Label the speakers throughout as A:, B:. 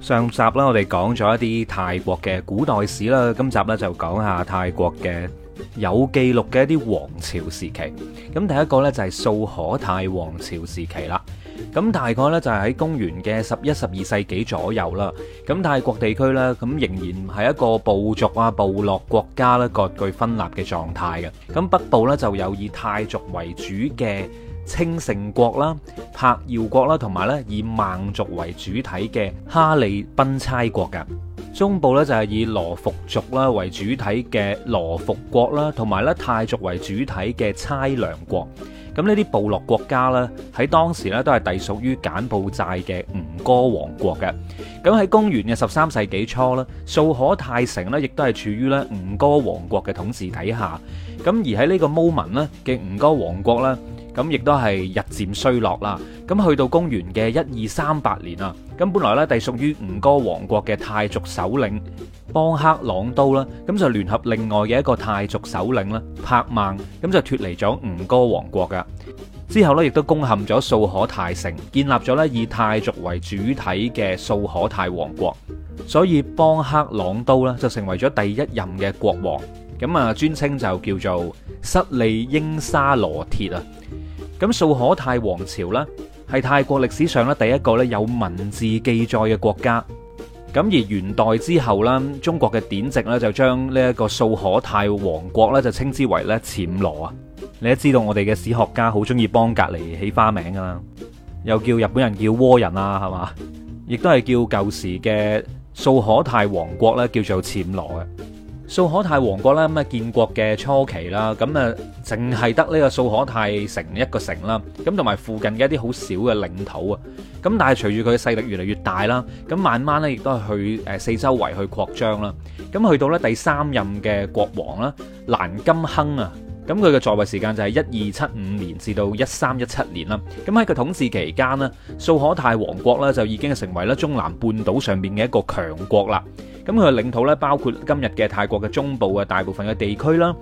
A: 上集啦，我哋講咗一啲泰國嘅古代史啦，今集咧就講下泰國嘅有記錄嘅一啲王朝時期。咁第一個呢，就係素可泰王朝時期啦。咁大概呢，就係喺公元嘅十一、十二世紀左右啦。咁泰國地區呢，咁仍然係一個部族啊、部落國家呢割據分立嘅狀態嘅。咁北部呢，就有以泰族為主嘅。清盛國啦、柏耀國啦，同埋咧以孟族為主體嘅哈利賓差國嘅。中部咧，就係以羅服族啦為主體嘅羅服國啦，同埋咧泰族為主體嘅差良國。咁呢啲部落國家咧喺當時咧都係隸屬於柬埔寨嘅吳哥王國嘅。咁喺公元嘅十三世紀初咧，素可泰城咧亦都係處於咧吳哥王國嘅統治底下。咁而喺呢個 moment 咧嘅吳哥王國咧，咁亦都係日漸衰落啦。咁去到公元嘅一二三八年啊，咁本來咧隸屬於吳哥王國嘅泰族首領邦克朗都啦，咁就聯合另外嘅一個泰族首領咧帕孟，咁就脫離咗吳哥王國噶。之後咧，亦都攻陷咗素可泰城，建立咗咧以泰族為主體嘅素可泰王國。所以邦克朗都咧就成為咗第一任嘅國王，咁啊尊稱就叫做室利英沙羅鐵啊。咁素可泰王朝啦，係泰國歷史上咧第一個咧有文字記載嘅國家。咁而元代之後啦，中國嘅典籍咧就將呢一個素可泰王國咧就稱之為咧暹羅啊。你都知道我哋嘅史學家好中意幫隔籬起花名噶啦，又叫日本人叫倭人啦，係嘛？亦都係叫舊時嘅素可泰王國咧，叫做暹羅嘅。素可泰王國啦咁啊，建國嘅初期啦，咁啊，淨係得呢個素可泰城一個城啦，咁同埋附近嘅一啲好小嘅領土啊，咁但係隨住佢嘅勢力越嚟越大啦，咁慢慢咧亦都係去誒四周圍去擴張啦，咁去到咧第三任嘅國王啦，蘭甘亨啊，咁佢嘅在位時間就係一二七五年至到一三一七年啦，咁喺佢統治期間咧，素可泰王國咧就已經成為咗中南半島上面嘅一個強國啦。咁佢嘅領土咧，包括今日嘅泰國嘅中部嘅大部分嘅地區啦，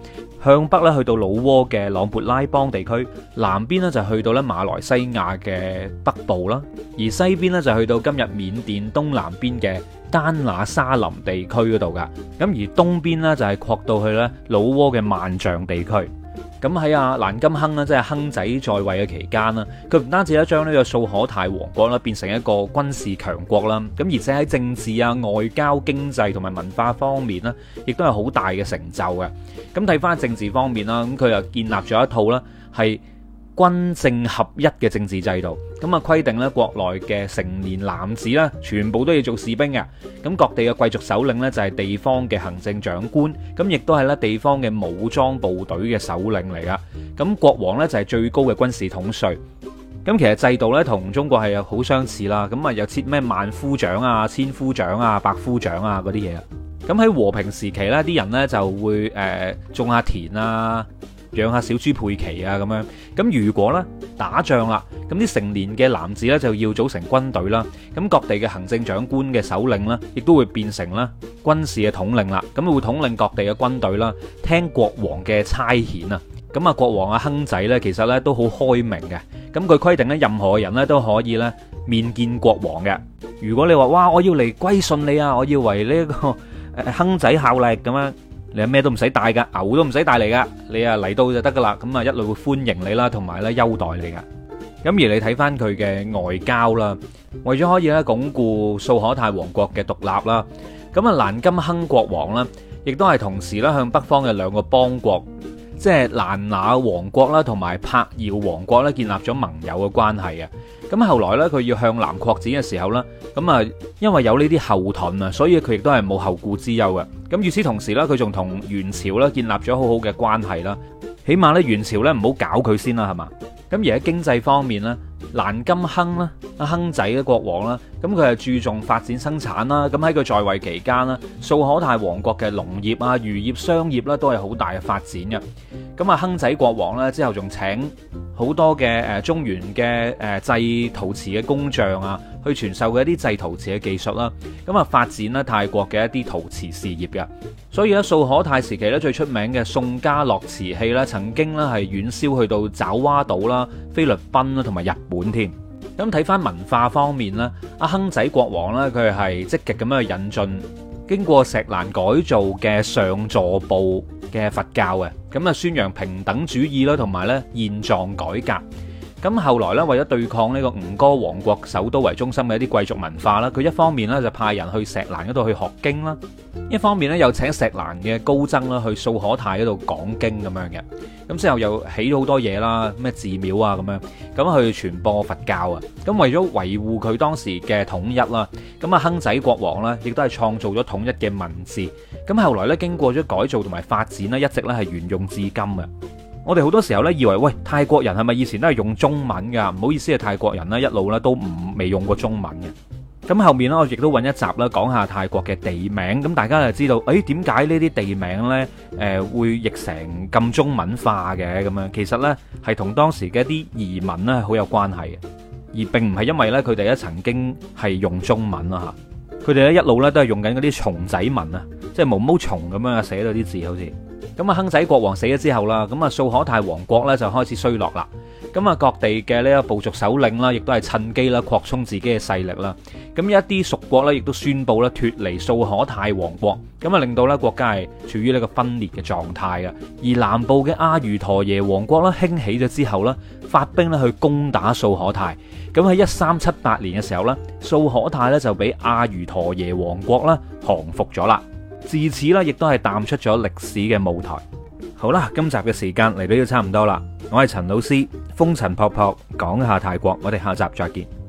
A: 向北咧去到老撾嘅朗勃拉邦地區，南邊咧就去到咧馬來西亞嘅北部啦，而西邊咧就去到今日緬甸東南邊嘅丹那沙林地區度噶，咁而東邊咧就係擴到去咧老撾嘅萬象地區。咁喺啊蘭金亨呢，即係亨仔在位嘅期間啦，佢唔單止咧將呢個素可泰王國啦變成一個軍事強國啦，咁而且喺政治啊、外交、經濟同埋文化方面呢，亦都係好大嘅成就嘅。咁睇翻政治方面啦，咁佢又建立咗一套啦，係，軍政合一嘅政治制度，咁啊規定咧國內嘅成年男子咧全部都要做士兵嘅，咁各地嘅貴族首領呢，就係、是、地方嘅行政長官，咁亦都係咧地方嘅武裝部隊嘅首領嚟噶，咁國王呢，就係、是、最高嘅軍事統帥，咁其實制度呢，同中國係好相似啦，咁啊又設咩萬夫長啊、千夫長啊、百夫長啊嗰啲嘢啊，咁喺和平時期呢，啲人呢就會誒、呃、種下田啊。養下小豬佩奇啊，咁樣，咁如果咧打仗啦，咁啲成年嘅男子咧就要組成軍隊啦，咁各地嘅行政長官嘅首領咧，亦都會變成啦軍事嘅統領啦，咁會統領各地嘅軍隊啦，聽國王嘅差遣啊，咁啊國王阿亨仔咧，其實咧都好開明嘅，咁佢規定咧任何嘅人咧都可以咧面見國王嘅，如果你話哇我要嚟歸順你啊，我要為呢一個誒亨仔效力咁樣。你係咩都唔使帶噶，牛都唔使帶嚟噶，你啊嚟到就得噶啦，咁啊一路會歡迎你啦，同埋咧優待你噶。咁而你睇翻佢嘅外交啦，為咗可以咧鞏固素可泰王國嘅獨立啦，咁啊蘭金亨國王咧，亦都係同時咧向北方嘅兩個邦國。即係蘭那王國啦，同埋柏姚王國咧，建立咗盟友嘅關係啊！咁後來呢，佢要向南擴展嘅時候呢，咁啊，因為有呢啲後盾啊，所以佢亦都係冇後顧之憂嘅。咁與此同時呢，佢仲同元朝呢，建立咗好好嘅關係啦，起碼呢，元朝呢，唔好搞佢先啦，係嘛？咁而喺經濟方面咧，蘭金亨啦，阿亨仔嘅國王啦，咁佢係注重發展生產啦。咁喺佢在位期間啦，素可泰王國嘅農業啊、漁業、業商業啦，都係好大嘅發展嘅。咁啊，亨仔國王咧之後仲請好多嘅誒中原嘅誒製陶瓷嘅工匠啊。去傳授嘅一啲製陶瓷嘅技術啦，咁啊發展咧泰國嘅一啲陶瓷事業嘅，所以咧素可泰時期咧最出名嘅宋家樂瓷器咧，曾經咧係遠銷去到爪哇島啦、菲律賓啦同埋日本添。咁睇返文化方面咧，阿亨仔國王咧佢係積極咁樣去引進經過錫蘭改造嘅上座部嘅佛教嘅，咁啊宣揚平等主義啦，同埋咧現狀改革。咁後來咧，為咗對抗呢個吳哥王國首都為中心嘅一啲貴族文化啦，佢一方面咧就派人去錫蘭嗰度去學經啦，一方面咧又請錫蘭嘅高僧啦去素可泰嗰度講經咁樣嘅，咁之後又起咗好多嘢啦，咩寺廟啊咁樣，咁去傳播佛教啊，咁為咗維護佢當時嘅統一啦，咁啊亨仔國王呢亦都係創造咗統一嘅文字，咁後來咧經過咗改造同埋發展咧，一直咧係沿用至今啊。我哋好多時候咧，以為喂泰國人係咪以前都係用中文㗎？唔好意思啊，泰國人咧一路咧都唔未用過中文嘅。咁後面咧，我亦都揾一集咧講下泰國嘅地名，咁大家就知道，誒點解呢啲地名呢誒會譯成咁中文化嘅咁樣？其實呢係同當時嘅一啲移民咧好有關係嘅，而並唔係因為呢，佢哋咧曾經係用中文啦，佢哋咧一路呢都係用緊嗰啲蟲仔文啊，即係毛毛蟲咁樣寫咗啲字好似。咁啊，亨仔國王死咗之後啦，咁啊，素可泰王國咧就開始衰落啦。咁啊，各地嘅呢一個部族首領啦，亦都係趁機啦擴充自己嘅勢力啦。咁一啲屬國呢，亦都宣布咧脫離素可泰王國，咁啊，令到咧國家係處於呢個分裂嘅狀態啊。而南部嘅阿瑜陀耶王國咧興起咗之後呢，發兵咧去攻打素可泰。咁喺一三七八年嘅時候呢，素可泰呢，就俾阿瑜陀耶王國咧降服咗啦。自此啦，亦都係淡出咗歷史嘅舞台。好啦，今集嘅時間嚟到都差唔多啦，我係陳老師，風塵仆仆，講下泰國，我哋下集再見。